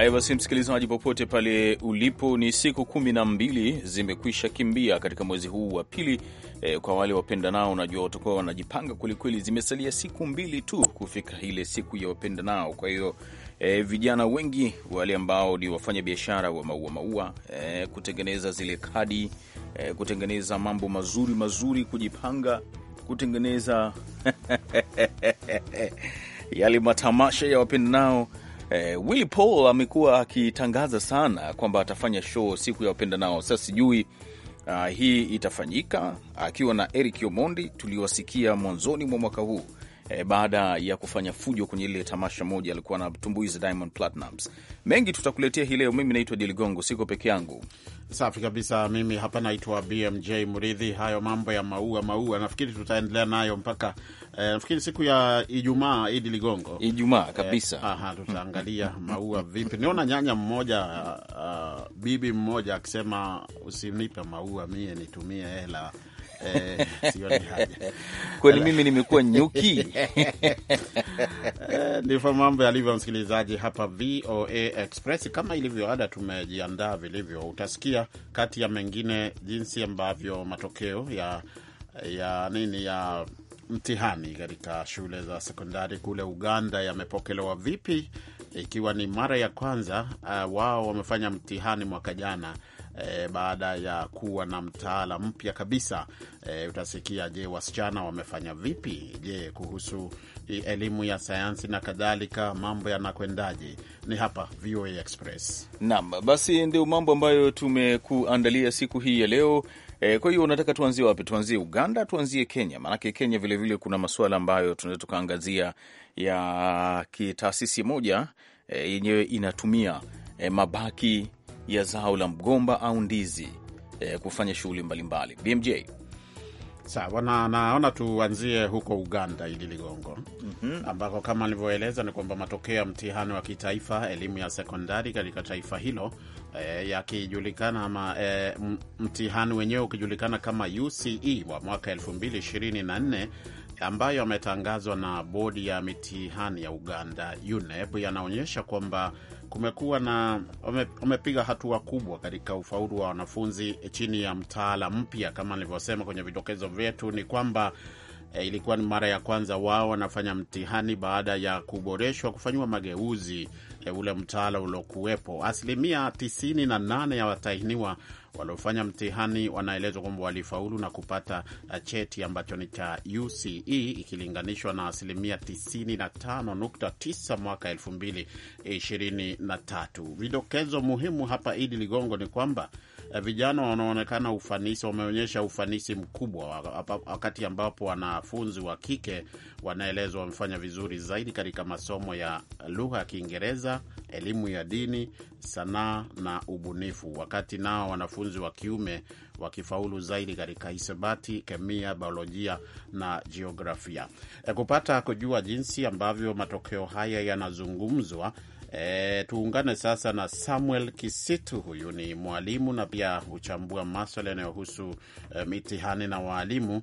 Haya basi, msikilizaji, popote pale ulipo, ni siku kumi na mbili zimekwisha kimbia katika mwezi huu wa pili. E, kwa wale wapendanao, unajua watakuwa wanajipanga kwelikweli. Zimesalia siku mbili tu kufika ile siku ya nao. Kwa hiyo e, vijana wengi wale ambao ni wafanya biashara wa maua maua, e, kutengeneza zile kadi, e, kutengeneza mambo mazuri mazuri, kujipanga kutengeneza yale matamasha ya nao Eh, Willy Paul amekuwa akitangaza sana kwamba atafanya show siku ya wapenda nao. Sasa sijui uh, hii itafanyika akiwa na Eric Omondi tuliwasikia mwanzoni mwa mwaka huu eh, baada ya kufanya fujo kwenye ile tamasha moja alikuwa anatumbuiza Diamond Platnumz. Mengi tutakuletea hii leo. Mimi naitwa Diligongo, Ligongo, siko peke yangu. Safi kabisa, mimi hapa naitwa BMJ Mridhi. Hayo mambo ya maua maua, nafikiri tutaendelea nayo mpaka eh, nafikiri siku ya Ijumaa, Idi Ligongo, Ijumaa e, kabisa eh, aha, hmm. tutaangalia maua vipi. Niona nyanya mmoja uh, bibi mmoja akisema usinipe maua mie nitumie hela Eh, haja kweli. Mimi nimekuwa nyuki eh, ndivyo mambo yalivyo, msikilizaji, hapa VOA Express. Kama ilivyo ada, tumejiandaa vilivyo. Utasikia kati ya mengine jinsi ambavyo matokeo ya ya nini ya mtihani katika shule za sekondari kule Uganda yamepokelewa vipi, ikiwa ni mara ya kwanza uh, wao wamefanya mtihani mwaka jana e, baada ya kuwa na mtaala mpya kabisa e, utasikia je, wasichana wamefanya vipi? Je, kuhusu e, elimu ya sayansi na kadhalika, mambo yanakwendaje? Ni hapa VOA Express. Naam, basi ndio mambo ambayo tumekuandalia siku hii ya leo. E, kwa hiyo unataka tuanzie wapi? Tuanzie Uganda, tuanzie Kenya? Maanake Kenya vilevile vile kuna masuala ambayo tunaweza tukaangazia ya kitaasisi moja e, yenyewe inatumia e, mabaki ya zao la mgomba au ndizi eh, kufanya shughuli mbalimbali. BMJ sawa na, naona tuanzie huko Uganda ili ligongo mm -hmm. ambako kama alivyoeleza ni kwamba matokeo ya mtihani wa kitaifa elimu ya sekondari katika taifa hilo e, yakijulikana ama e, mtihani wenyewe ukijulikana kama UCE wa mwaka 2024 ambayo ametangazwa na bodi ya mitihani ya Uganda UNEP yanaonyesha kwamba kumekuwa na wamepiga hatua kubwa katika ufaulu wa wanafunzi chini ya mtaala mpya. Kama nilivyosema kwenye vidokezo vyetu, ni kwamba e, ilikuwa ni mara ya kwanza wao wanafanya mtihani baada ya kuboreshwa, kufanyiwa mageuzi e, ule mtaala uliokuwepo. Asilimia 98 ya watahiniwa Waliofanya mtihani wanaelezwa kwamba walifaulu na kupata uh, cheti ambacho ni cha UCE ikilinganishwa na asilimia 95.9 mwaka 2023. Vidokezo muhimu hapa, Idi Ligongo, ni kwamba Eh, vijana wanaonekana ufanisi, wameonyesha ufanisi mkubwa, wakati ambapo wanafunzi wa kike wanaelezwa wamefanya vizuri zaidi katika masomo ya lugha ya Kiingereza, elimu ya dini, sanaa na ubunifu, wakati nao wanafunzi wa kiume wakifaulu zaidi katika hisabati, kemia, biolojia na jiografia. Eh, kupata kujua jinsi ambavyo matokeo haya yanazungumzwa E, tuungane sasa na Samuel Kisitu. Huyu ni mwalimu na pia huchambua maswala yanayohusu e, mitihani na waalimu.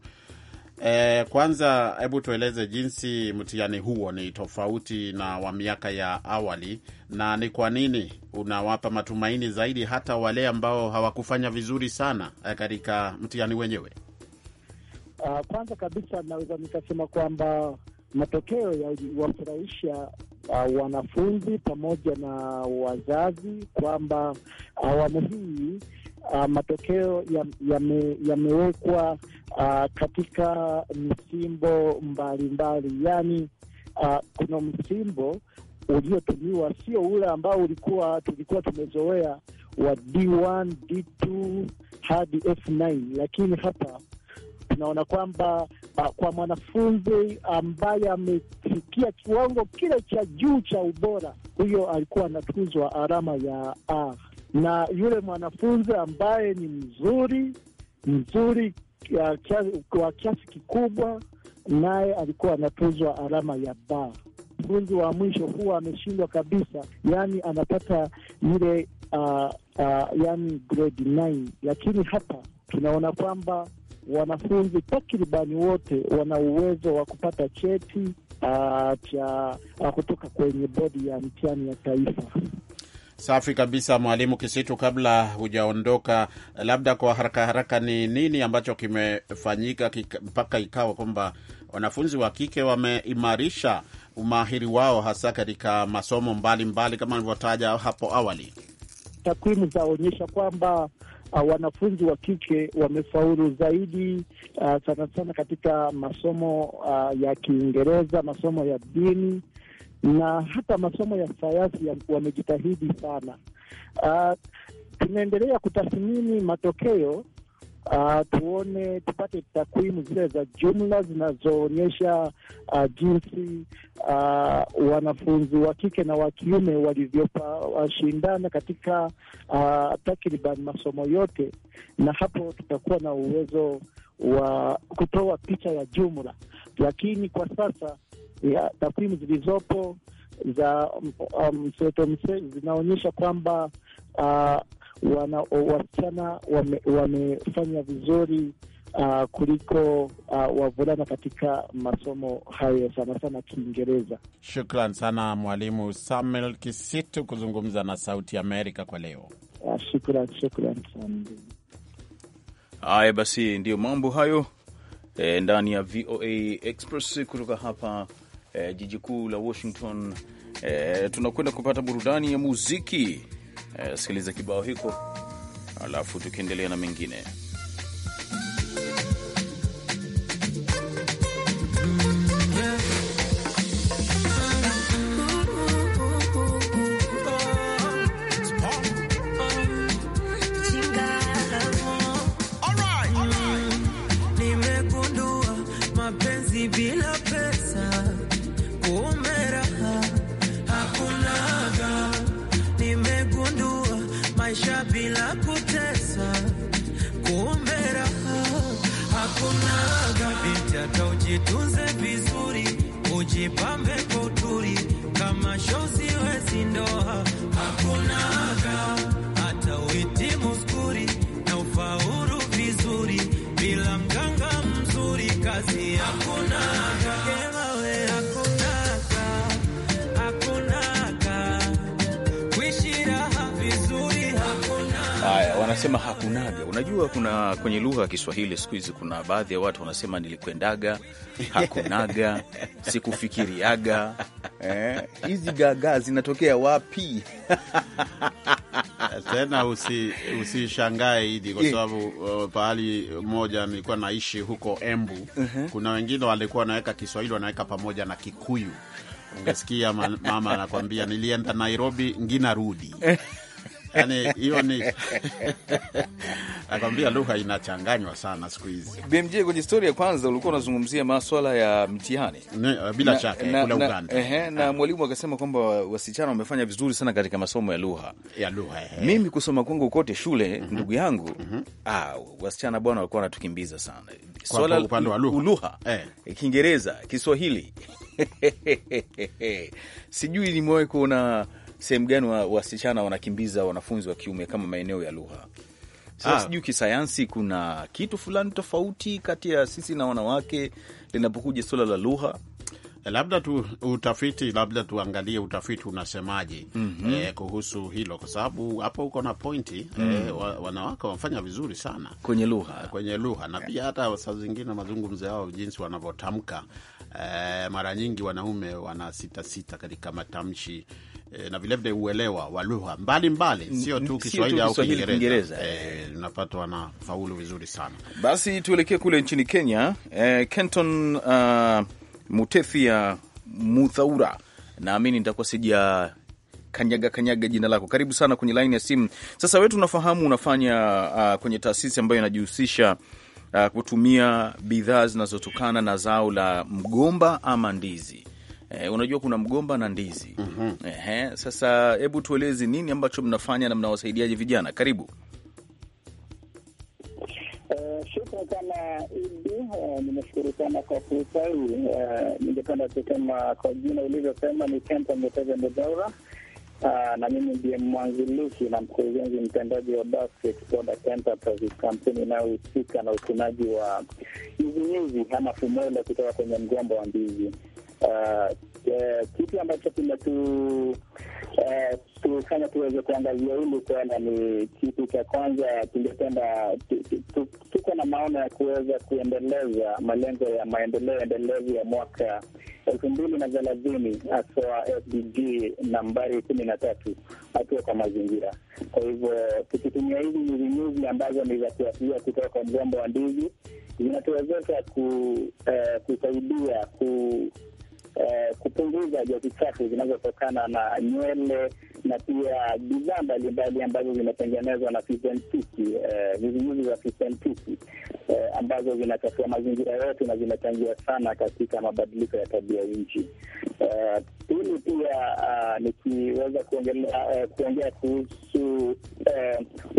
E, kwanza hebu tueleze jinsi mtihani huo ni tofauti na wa miaka ya awali na ni kwa nini unawapa matumaini zaidi hata wale ambao hawakufanya vizuri sana e, katika mtihani wenyewe? Uh, kwanza kabisa naweza nikasema kwamba matokeo yawafurahisha uh, wanafunzi pamoja na wazazi kwamba ah, awamu hii uh, matokeo yamewekwa ya uh, katika misimbo mbalimbali mbali. Yani uh, kuna msimbo uliotumiwa sio ule ambao ulikuwa tulikuwa tumezoea wa D1 D2 hadi F9, lakini hapa tunaona kwamba uh, kwa mwanafunzi ambaye amefikia kiwango kile cha juu cha ubora, huyo alikuwa anatuzwa alama ya A, na yule mwanafunzi ambaye ni mzuri mzuri kwa ah, kiasi, kwa kiasi kikubwa, naye alikuwa anatuzwa alama ya ba. Mfunzi wa mwisho huwa ameshindwa kabisa, yaani anapata ile uh, ah, uh, yani grade 9, lakini hapa tunaona kwamba wanafunzi takribani wote wana uwezo wa kupata cheti ah, cha ah, kutoka kwenye bodi ya mtihani ya taifa. Safi kabisa, Mwalimu Kisitu, kabla hujaondoka, labda kwa haraka haraka, ni nini ambacho kimefanyika mpaka ikawa kwamba wanafunzi wa kike wameimarisha umahiri wao hasa katika masomo mbalimbali mbali, kama alivyotaja hapo awali? Takwimu zaonyesha kwamba uh, wanafunzi wa kike wamefaulu zaidi uh, sana sana katika masomo uh, ya Kiingereza, masomo ya dini na hata masomo ya sayansi wamejitahidi sana. Uh, tunaendelea kutathmini matokeo uh, tuone tupate takwimu zile za jumla zinazoonyesha uh, jinsi uh, wanafunzi wa kike na wa kiume walivyoshindana katika uh, takriban masomo yote, na hapo tutakuwa na uwezo wa kutoa picha ya jumla, lakini kwa sasa takwimu zilizopo za um, mseto mse zinaonyesha kwamba uh, wana, wasichana wame, wamefanya vizuri uh, kuliko uh, wavulana katika masomo hayo sana sana Kiingereza. Shukran sana Mwalimu Samuel Kisitu kuzungumza na Sauti Amerika kwa leo. Uh, shukran, shukran sana. Haya basi, ndiyo mambo hayo e, ndani ya VOA Express kutoka hapa e, jiji kuu la Washington. E, tunakwenda kupata burudani ya muziki Eh, sikiliza kibao hiko alafu tukiendelea na mengine. anasema hakunaga. Unajua, kuna kwenye lugha ya Kiswahili siku hizi kuna baadhi ya watu wanasema nilikwendaga, hakunaga, sikufikiriaga. Eh, hizi eh, gaga zinatokea wapi? Tena usishangae usi idi, kwa sababu uh, pahali moja nilikuwa naishi huko Embu uh -huh. Kuna wengine walikuwa wanaweka Kiswahili wanaweka pamoja na Kikuyu, ungesikia mama anakwambia nilienda Nairobi ngina rudi yani hiyo ni nakwambia, lugha inachanganywa sana siku hizi. BMJ, kwenye stori ya kwanza ulikuwa unazungumzia maswala ya mtihani ni, eh, bila na, shaka na, na, ehe, na ah. mwalimu akasema kwamba wasichana wamefanya vizuri sana katika masomo ya lugha ya lugha. Mimi kusoma kwangu kote shule, mm -hmm. ndugu yangu mm -hmm. ah, wasichana bwana walikuwa wanatukimbiza sana swala upande wa lugha eh. eh, Kiingereza, Kiswahili sijui nimewahi kuona sehemu gani wasichana wanakimbiza wanafunzi wa kiume kama maeneo ya lugha? Sasa ah. sijui kisayansi kuna kitu fulani tofauti kati ya sisi na wanawake linapokuja suala la lugha labda tu utafiti, labda tuangalie utafiti unasemaje, mm -hmm. eh, kuhusu hilo, kwa sababu hapo uko na pointi eh, mm -hmm. eh, wa, wanawake wamefanya vizuri sana kwenye lugha kwenye lugha na pia hata saa zingine mazungumzo yao jinsi wanavyotamka eh, mara nyingi wanaume wanasitasita katika matamshi e, na vilevile uelewa wa lugha mbalimbali, sio tu Kiswahili au Kiingereza. Eh. Eh, na faulu vizuri sana. Basi tuelekee kule nchini Kenya. E, Kenton uh, Mutethia Muthaura, naamini nitakuwa sija kanyaga kanyaga jina lako. Karibu sana kwenye laini ya simu. Sasa wewe, tunafahamu unafanya uh, kwenye taasisi ambayo inajihusisha uh, kutumia bidhaa zinazotokana na zao la mgomba ama ndizi. Eh, unajua kuna mgomba na ndizi. mm -hmm. sasa hebu tueleze nini ambacho mnafanya na mnawasaidiaje vijana? Karibu. Eh, shukran sana Idi, eh, nimeshukuru sana kwa fursa hii. Eh, ningependa kusema kwa jina ulivyosema ni Kenta Mutega Mudaura, ah, na mimi ndiye mwanzilishi na mkurugenzi mtendaji wa Basket Product Enterprise, kampuni inayohusika na utunaji wa nyuzinyuzi ama fumele kutoka kwenye mgomba wa ndizi. Eh, eh, kitu ambacho kinatufanya eh, tuweze kuangazia hili kwenda ni kitu cha kwanza, tungependa tuko na maono ya kuweza kuendeleza malengo ya maendeleo endelevu ya mwaka elfu mbili na thelathini haswa SDG nambari kumi na tatu hatua kwa mazingira. Kwa hivyo tukitumia hizi nyuzinyuzi ambazo ni za kuasilia kutoka kwa mgombo wa ndizi zinatuwezesha kusaidia ku Eh, kupunguza jozi chafu zinazotokana na nywele na pia bidhaa mbalimbali ambazo zimetengenezwa na fisentiki eh, vizuizi za fisentiki eh, ambazo zinachafua mazingira yetu na zinachangia sana katika mabadiliko ya tabia nchi. Pili pia ah, nikiweza kuongea kuhusu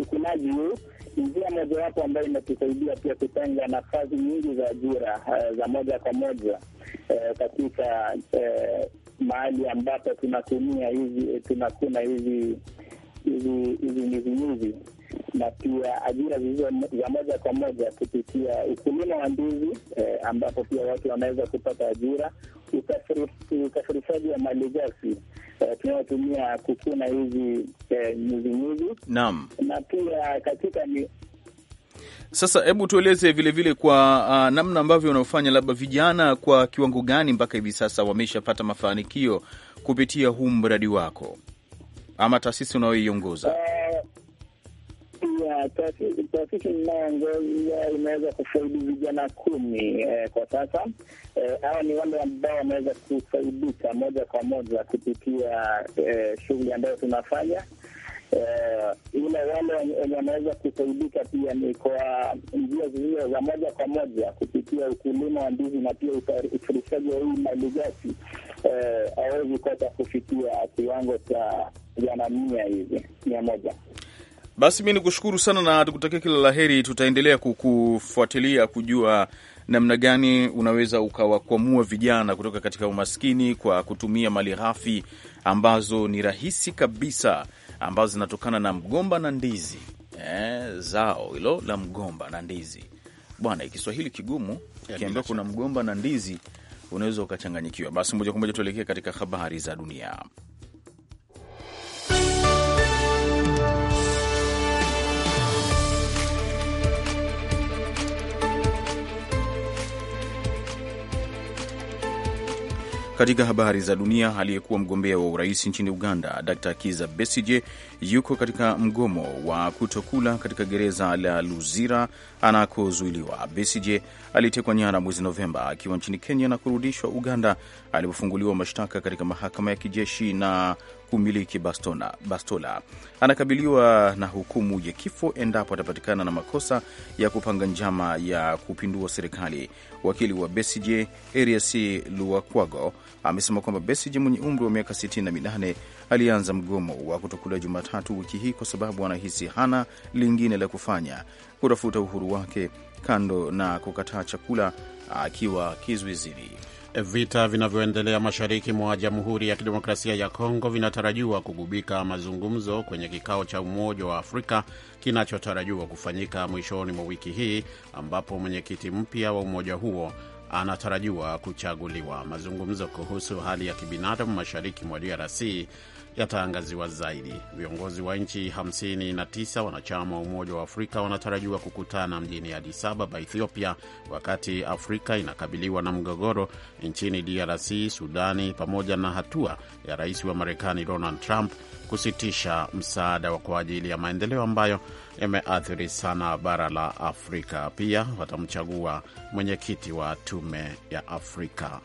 ukunaji huu njia mojawapo ambayo imetusaidia pia kutenga nafasi nyingi za ajira eh, za moja kwa moja uh, katika uh, mahali ambapo tunatumia hizi tunakuna hizi hizi nyuzinyuzi na pia ajira zilizo za moja kwa moja kupitia ukulima wa ndizi eh, ambapo pia watu wanaweza kupata ajira, usafirishaji wa gasi tunatumia eh, kukuna hizi nyuzinyuzi. Eh, Naam, na pia katika ni sasa hebu tueleze vilevile vile kwa uh, namna ambavyo wanaofanya labda vijana kwa kiwango gani mpaka hivi sasa wameshapata mafanikio kupitia huu mradi wako ama taasisi unayoiongoza? Uh, taasisi ninayoongoza imeweza kufaidi vijana kumi eh, kwa sasa eh, hawa eh, ni wale ambao wameweza kufaidika moja kwa moja kupitia eh, shughuli ambayo tunafanya eh, ila wale wenye wameweza kufaidika pia ni kwa njia zilizo za moja kwa moja kupitia ukulima wa ndizi na pia usafirishaji wa hii malighafi eh, hawezi eh, kosa kufikia kiwango cha vijana mia hivi mia moja. Basi mi nikushukuru sana na tukutakia kila la heri. Tutaendelea kukufuatilia kujua namna gani unaweza ukawakwamua vijana kutoka katika umaskini kwa kutumia mali ghafi ambazo ni rahisi kabisa, ambazo zinatokana na mgomba na ndizi. Eh, zao hilo la mgomba na ndizi bwana, Kiswahili kigumu, ukiambia kuna mgomba na ndizi unaweza ukachanganyikiwa. Basi moja kwa moja tuelekee katika habari za dunia. Katika habari za dunia, aliyekuwa mgombea wa urais nchini Uganda Dr Kiza Besije yuko katika mgomo wa kutokula katika gereza la Luzira anakozuiliwa. Besije alitekwa nyara mwezi Novemba akiwa nchini Kenya na kurudishwa Uganda alipofunguliwa mashtaka katika mahakama ya kijeshi na kumiliki Bastona, bastola anakabiliwa na hukumu ya kifo endapo atapatikana na makosa ya kupanga njama ya kupindua serikali. Wakili wa Besigye Erias Luakwago amesema kwamba Besigye mwenye umri wa miaka 68 alianza mgomo wa kutokula Jumatatu wiki hii kwa sababu anahisi hana lingine la kufanya kutafuta uhuru wake, kando na kukataa chakula akiwa kizuizini. Vita vinavyoendelea mashariki mwa Jamhuri ya Kidemokrasia ya Kongo vinatarajiwa kugubika mazungumzo kwenye kikao cha Umoja wa Afrika kinachotarajiwa kufanyika mwishoni mwa wiki hii, ambapo mwenyekiti mpya wa umoja huo anatarajiwa kuchaguliwa. Mazungumzo kuhusu hali ya kibinadamu mashariki mwa DRC yataangaziwa zaidi. Viongozi wa nchi 59 wanachama wa Umoja wa Afrika wanatarajiwa kukutana mjini Addis Ababa, Ethiopia, wakati Afrika inakabiliwa na mgogoro nchini DRC, Sudani, pamoja na hatua ya rais wa Marekani Donald Trump kusitisha msaada wa kwa ajili ya maendeleo ambayo yameathiri sana bara la Afrika. Pia watamchagua mwenyekiti wa Tume ya Afrika.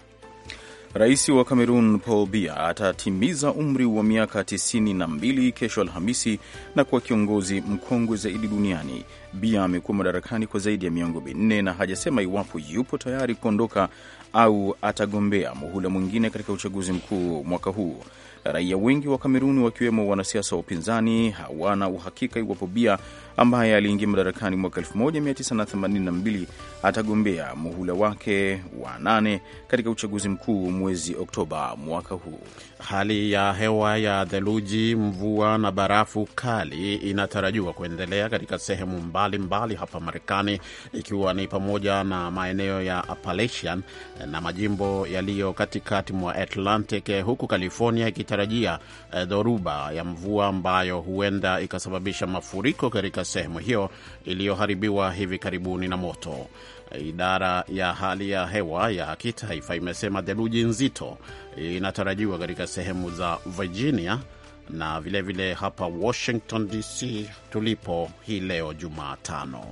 Rais wa Kamerun Paul Biya atatimiza umri wa miaka 92 kesho Alhamisi na kuwa kiongozi mkongwe zaidi duniani. Biya amekuwa madarakani kwa zaidi ya miongo minne na hajasema iwapo yupo tayari kuondoka au atagombea muhula mwingine katika uchaguzi mkuu mwaka huu. Raia wengi wa Kameruni, wakiwemo wanasiasa wa upinzani, hawana uhakika iwapo bia ambaye aliingia madarakani mwaka 1982 atagombea muhula wake wa nane katika uchaguzi mkuu mwezi Oktoba mwaka huu. Hali ya hewa ya theluji, mvua na barafu kali inatarajiwa kuendelea katika sehemu mbalimbali mbali hapa Marekani, ikiwa ni pamoja na maeneo ya Appalachian na majimbo yaliyo katikati mwa Atlantic, huku California ikita wanatarajia eh, dhoruba ya mvua ambayo huenda ikasababisha mafuriko katika sehemu hiyo iliyoharibiwa hivi karibuni na moto. Eh, idara ya hali ya hewa ya kitaifa imesema theluji nzito inatarajiwa katika sehemu za Virginia na vilevile vile hapa Washington DC tulipo hii leo Jumatano.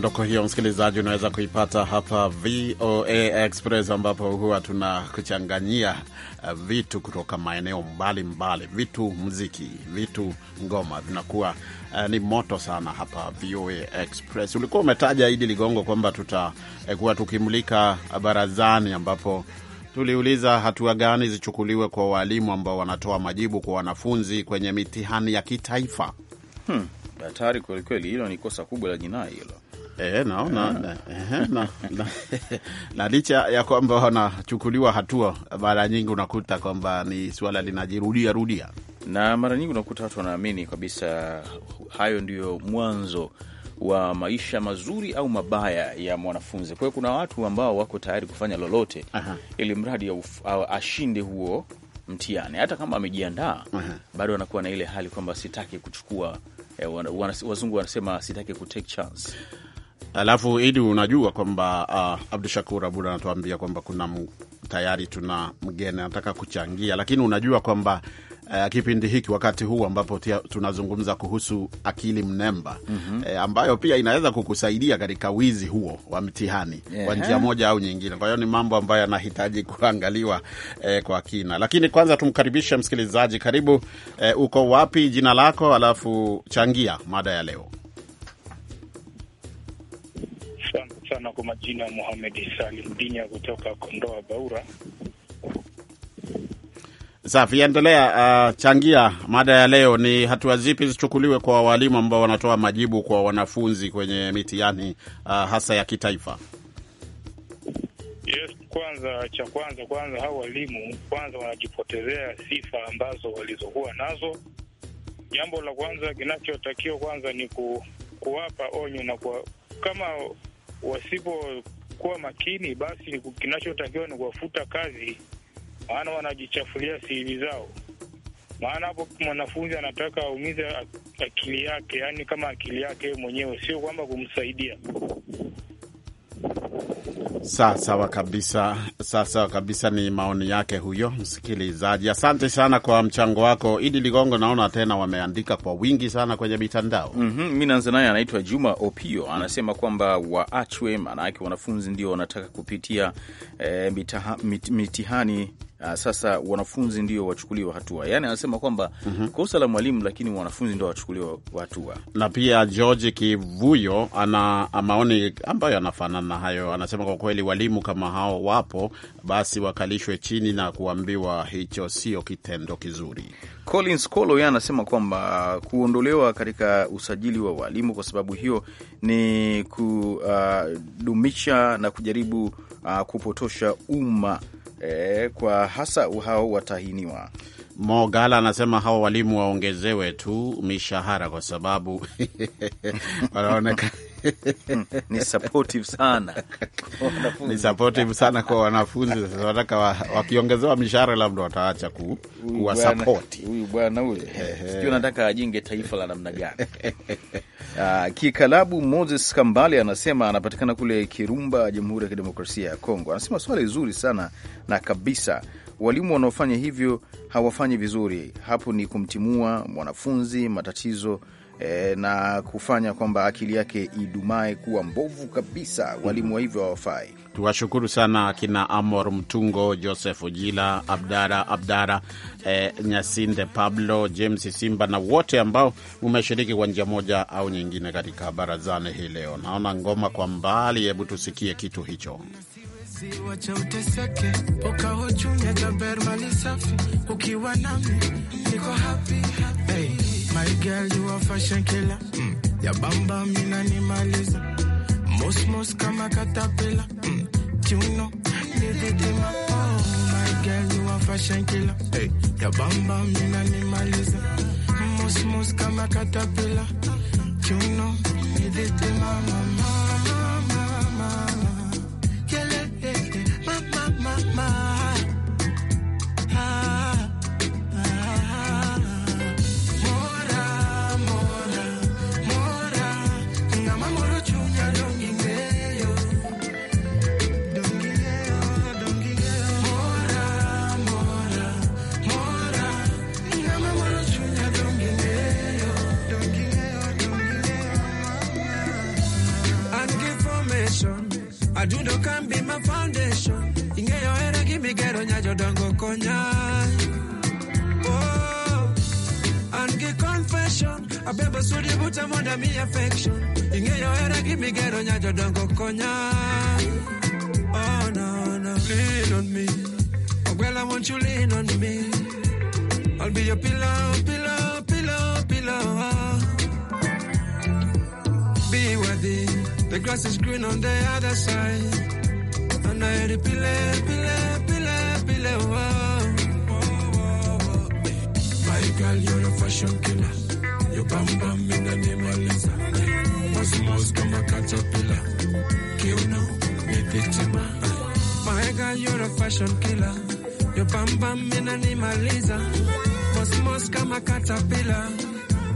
Dondoko hiyo, msikilizaji, unaweza kuipata hapa VOA Express, ambapo huwa tuna kuchanganyia uh, vitu kutoka maeneo mbalimbali, vitu mziki vitu ngoma, vinakuwa uh, ni moto sana hapa VOA Express. Ulikuwa umetaja Idi Ligongo kwamba tutakuwa eh, tukimulika barazani, ambapo tuliuliza hatua gani zichukuliwe kwa walimu ambao wanatoa majibu kwa wanafunzi kwenye mitihani ya kitaifa. Hmm, hatari kwelikweli, hilo ni kosa kubwa la jinai hilo. E, naona na, eh, na, na, na licha ya kwamba wanachukuliwa hatua, mara nyingi unakuta kwamba ni suala linajirudia rudia, na mara nyingi unakuta watu wanaamini kabisa hayo ndiyo mwanzo wa maisha mazuri au mabaya ya mwanafunzi. Kwa hiyo kuna watu ambao wako tayari kufanya lolote ili mradi ashinde huo mtihani, hata kama amejiandaa, bado anakuwa na ile hali kwamba sitaki kuchukua eh, wazungu wanasema sitaki ku take chance Alafu idi unajua kwamba uh, Abdu Shakur Abud anatuambia kwamba kuna tayari tuna mgeni anataka kuchangia, lakini unajua kwamba uh, kipindi hiki wakati huu ambapo tunazungumza kuhusu akili mnemba mm -hmm. eh, ambayo pia inaweza kukusaidia katika wizi huo wa mtihani yeah. kwa njia moja au nyingine. Kwa hiyo ni mambo ambayo yanahitaji kuangaliwa eh, kwa kina, lakini kwanza tumkaribishe msikilizaji. Karibu eh, uko wapi, jina lako, alafu changia mada ya leo. sana. Kwa majina ya Muhamed Salim Dinya kutoka Kondoa Baura. Safi, endelea. Uh, changia mada ya leo ni hatua zipi zichukuliwe kwa walimu ambao wanatoa majibu kwa wanafunzi kwenye mitihani uh, hasa ya kitaifa? Yes, kwanza cha kwanza kwanza hao walimu kwanza wanajipotezea sifa ambazo walizokuwa nazo. Jambo la kwanza kinachotakiwa kwanza ni ku, kuwapa onyo na kwa, kama wasipokuwa makini, basi kinachotakiwa ni kuwafuta kazi, maana wanajichafulia siri zao. Maana hapo mwanafunzi anataka aumize akili yake, yaani kama akili yake mwenyewe, sio kwamba kumsaidia. Sawa sawa kabisa, sawa sawa kabisa. Ni maoni yake huyo msikilizaji. Asante sana kwa mchango wako Idi Ligongo. Naona tena wameandika kwa wingi sana kwenye mitandao. mm -hmm. Mi naanza naye, anaitwa Juma Opio, anasema kwamba waachwe, maana yake wanafunzi ndio wanataka kupitia eh, mitaha, mit, mitihani uh, sasa wanafunzi ndio wachukuliwa hatua. Yani anasema kwamba mm -hmm. kosa la mwalimu, lakini wanafunzi ndio wachukuliwa hatua. Na pia George Kivuyo ana maoni ambayo anafanana na hayo, anasema kwa kweli walimu kama hao wapo, basi wakalishwe chini na kuambiwa hicho sio kitendo kizuri. Collins Kolo yeye anasema kwamba kuondolewa katika usajili wa walimu kwa sababu hiyo ni kudumisha ah, na kujaribu uh, kupotosha umma e, kwa hasa hao watahiniwa. Mogala anasema hawa walimu waongezewe tu mishahara kwa sababu wanaonekana Hmm, ni supportive sana ni supportive sana kwa wanafunzi. Sasa wataka wakiongezewa mishahara labda wataacha ku, kuwa support huyu bwana ule, sijui nataka ajenge taifa la namna gani? Uh, kikalabu Moses Kambale anasema anapatikana kule Kirumba, Jamhuri ya Kidemokrasia ya Kongo. Anasema swali zuri sana na kabisa, walimu wanaofanya hivyo hawafanyi vizuri. Hapo ni kumtimua mwanafunzi, matatizo e, na kufanya kwamba akili yake idumae kuwa mbovu kabisa. Walimu wa hivyo hawafai. Tuwashukuru sana akina Amor Mtungo, Joseph Jila, Abdara Abdara, e, Nyasinde Pablo, James Simba na wote ambao umeshiriki kwa njia moja au nyingine katika barazani hii leo. Naona ngoma kwa mbali, hebu tusikie kitu hicho. Wacha uteseke poka safi ukiwa nami niko happy, happy. Hey. My girl, you a fashion killer. Mm. Ya bamba mina nimaliza. Mos mos kama katapela. Mm. Tuno, nitetema. Oh, my girl, you a fashion killer. Hey. Ya bamba mina nimaliza. Mos mos kama katapela. Tuno, nitetema mama. bedo mi affection ing'eyo hera gi migero nyajo dongo konya oh lean on me girl oh, i want you lean on me i'll be your pillow pillow pillow pillow be worthy the grass is green on the other side and i hear the pile pile pile pile oh. my girl you're a fashion killer victim. girl you're a fashion killer. your bam bam bamba minanimaliza mosmos mos kama katapila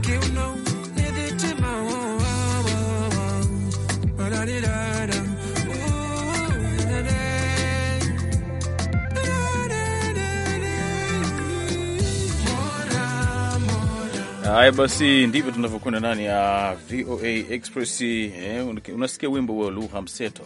kiuno ni victima oh, oh, oh, oh. Da, da, da. Haya basi, ndivyo tunavyokwenda ndani ya VOA Express. Eh, unasikia wimbo wa lugha mseto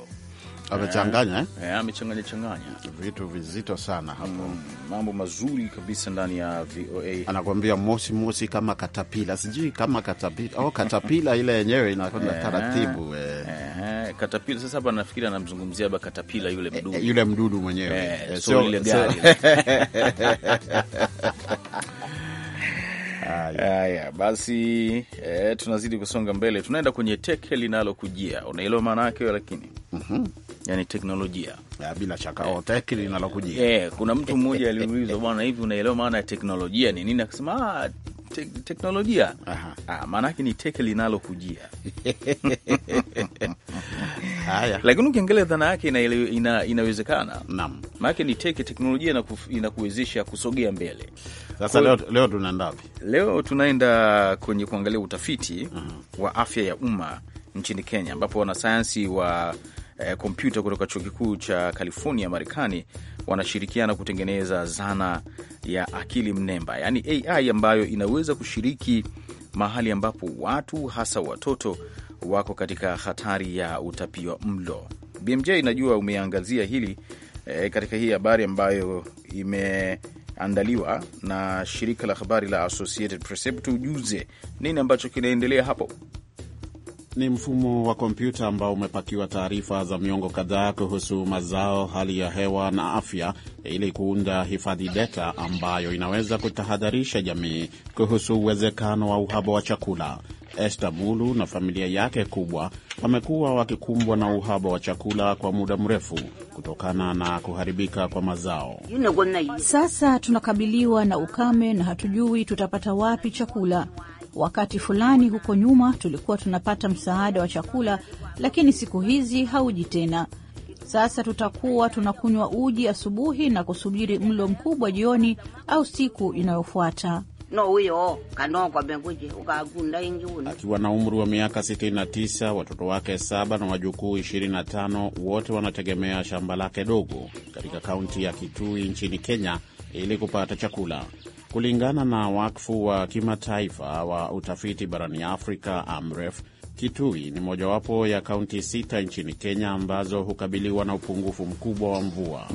amechanganya eh? eh? amechanganya changanya vitu vizito sana hapo mm, mambo mazuri kabisa ndani ya VOA. Anakuambia mosi mosi kama katapila, sijui kama katapila oh, katapila ile yenyewe inakwenda eh, taratibu eh. eh. katapila sasa hapa nafikiri anamzungumzia ba katapila yule mdudu e, yule mdudu mwenyewe e, eh, so, ile gari so, Haya basi, e, tunazidi kusonga mbele, tunaenda kwenye teke linalokujia. Unaelewa maana yake lakini mm -hmm yani teknolojia ya, bila shaka yeah. Oh, Teki eh, linalokujia yeah. Kuna mtu mmoja aliuliza bwana, hivi unaelewa maana ya teknolojia ni nini? Akasema ah, te teknolojia ah, maana yake ni teke linalokujia haya, lakini ukiangalia dhana yake ina, inawezekana naam, maanake ni teke, teknolojia inakuwezesha kusogea mbele. Sasa leo, leo tunaenda wapi? Leo tunaenda kwenye kuangalia utafiti uh mhm. -huh. wa afya ya umma nchini Kenya ambapo wanasayansi wa Eh, kompyuta kutoka chuo kikuu cha California Marekani wanashirikiana kutengeneza zana ya akili mnemba, yaani AI ambayo inaweza kushiriki mahali ambapo watu hasa watoto wako katika hatari ya utapia mlo. BMJ, najua umeangazia hili e, katika hii habari ambayo imeandaliwa na shirika la habari la Associated Press. Tujuze nini ambacho kinaendelea hapo? ni mfumo wa kompyuta ambao umepakiwa taarifa za miongo kadhaa kuhusu mazao, hali ya hewa na afya, ili kuunda hifadhi data ambayo inaweza kutahadharisha jamii kuhusu uwezekano wa uhaba wa chakula. Esther Mulu na familia yake kubwa wamekuwa wakikumbwa na uhaba wa chakula kwa muda mrefu kutokana na kuharibika kwa mazao. Sasa tunakabiliwa na ukame na hatujui tutapata wapi chakula. Wakati fulani huko nyuma tulikuwa tunapata msaada wa chakula, lakini siku hizi hauji tena. Sasa tutakuwa tunakunywa uji asubuhi na kusubiri mlo mkubwa jioni au siku inayofuata. Akiwa na umri wa miaka 69, watoto wake saba na wajukuu 25 wote wanategemea shamba lake dogo katika kaunti ya Kitui nchini Kenya ili kupata chakula. Kulingana na wakfu wa kimataifa wa utafiti barani Afrika, AMREF, Kitui ni mojawapo ya kaunti sita nchini Kenya ambazo hukabiliwa na upungufu mkubwa wa mvua.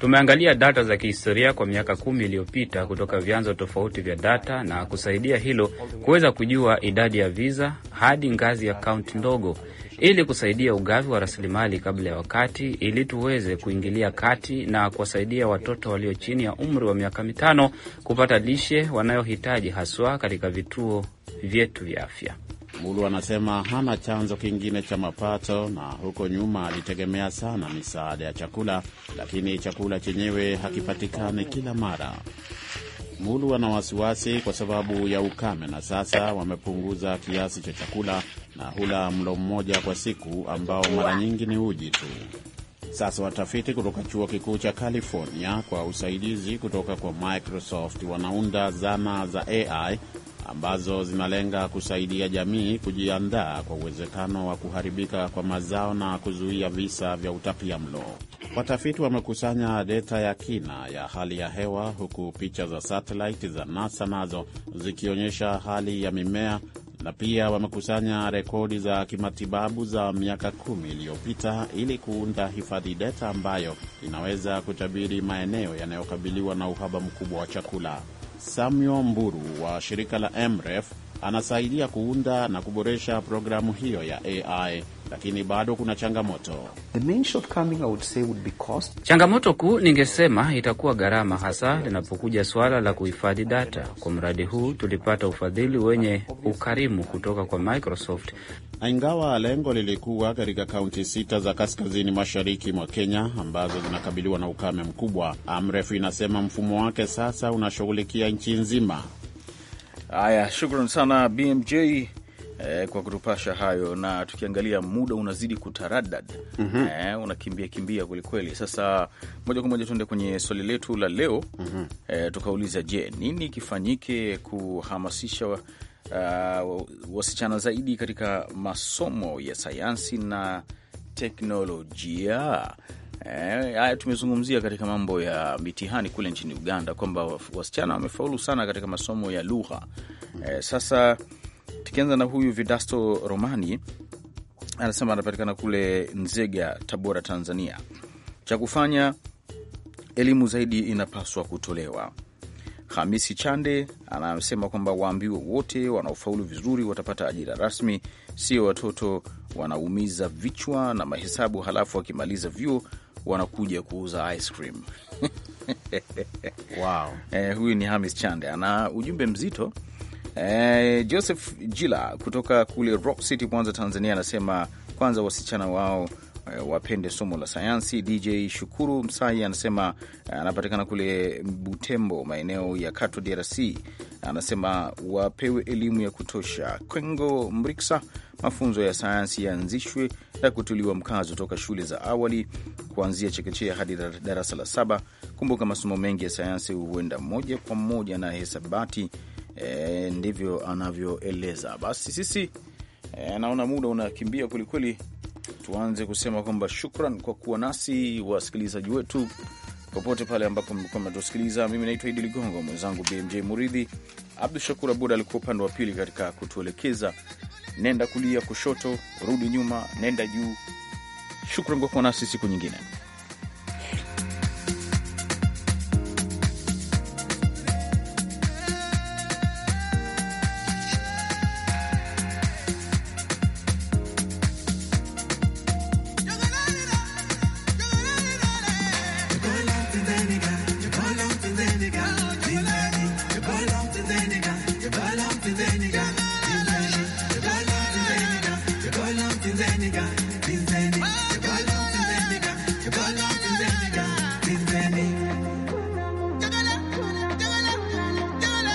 Tumeangalia data za kihistoria kwa miaka kumi iliyopita kutoka vyanzo tofauti vya data na kusaidia hilo kuweza kujua idadi ya visa hadi ngazi ya kaunti ndogo ili kusaidia ugavi wa rasilimali kabla ya wakati, ili tuweze kuingilia kati na kuwasaidia watoto walio chini ya umri wa miaka mitano kupata lishe wanayohitaji haswa katika vituo vyetu vya afya. Mulu anasema hana chanzo kingine cha mapato na huko nyuma alitegemea sana misaada ya chakula, lakini chakula chenyewe hakipatikani kila mara. Mulu ana wasiwasi kwa sababu ya ukame, na sasa wamepunguza kiasi cha chakula na hula mlo mmoja kwa siku, ambao mara nyingi ni uji tu. Sasa watafiti kutoka chuo kikuu cha California kwa usaidizi kutoka kwa Microsoft wanaunda zana za AI ambazo zinalenga kusaidia jamii kujiandaa kwa uwezekano wa kuharibika kwa mazao na kuzuia visa vya utapia mlo. Watafiti wamekusanya data ya kina ya hali ya hewa, huku picha za satelaiti za NASA nazo zikionyesha hali ya mimea na pia wamekusanya rekodi za kimatibabu za miaka kumi iliyopita ili kuunda hifadhi data ambayo inaweza kutabiri maeneo yanayokabiliwa na uhaba mkubwa wa chakula. Samuel Mburu wa shirika la MREF anasaidia kuunda na kuboresha programu hiyo ya AI, lakini bado kuna changamoto. The main shortcoming I would say would be cost. Changamoto kuu ningesema itakuwa gharama, hasa linapokuja swala la kuhifadhi data. Kwa mradi huu tulipata ufadhili wenye ukarimu kutoka kwa Microsoft, na ingawa lengo lilikuwa katika kaunti sita za kaskazini mashariki mwa Kenya ambazo zinakabiliwa na ukame mkubwa, Amref inasema mfumo wake sasa unashughulikia nchi nzima. Haya, shukran sana BMJ eh, kwa kutupasha hayo, na tukiangalia muda unazidi kutaradad mm -hmm. eh, unakimbia kimbia kwelikweli. Sasa moja kwa moja tuende kwenye swali letu la leo mm -hmm. eh, tukauliza, je, nini kifanyike kuhamasisha uh, wasichana zaidi katika masomo ya sayansi na teknolojia? Eh, haya e, tumezungumzia katika mambo ya mitihani kule nchini Uganda kwamba wasichana wamefaulu sana katika masomo ya lugha e, sasa tukianza na huyu Vidasto Romani anasema anapatikana kule Nzega, Tabora, Tanzania. Cha kufanya elimu zaidi inapaswa kutolewa. Hamisi Chande anasema kwamba waambiwe wote wanaofaulu vizuri watapata ajira rasmi, sio watoto wanaumiza vichwa na mahesabu, halafu wakimaliza vyuo wanakuja kuuza ice cream wow. Eh, huyu ni Hamis Chande ana ujumbe mzito eh. Joseph Jila kutoka kule Rock City, Mwanza, Tanzania anasema kwanza wasichana wao Eh, wapende somo la sayansi. DJ Shukuru Msai anasema eh, anapatikana kule Butembo, maeneo ya Kato, DRC, anasema wapewe elimu ya kutosha. Kwengo Mriksa, mafunzo ya sayansi yaanzishwe na kutuliwa mkazo toka shule za awali kuanzia chekechea hadi darasa la saba. Kumbuka masomo mengi ya sayansi huenda moja kwa moja na hesabati. E, ndivyo anavyoeleza. Basi sisi e, naona muda unakimbia kwelikweli tuanze kusema kwamba shukran kwa kuwa nasi wasikilizaji wetu popote pale ambapo mlikuwa mnatusikiliza. Mimi naitwa Idi Ligongo, mwenzangu BMJ Muridhi. Abdu Shakur Abud alikuwa upande wa pili katika kutuelekeza nenda kulia, kushoto, rudi nyuma, nenda juu. Shukran kwa kuwa nasi siku nyingine.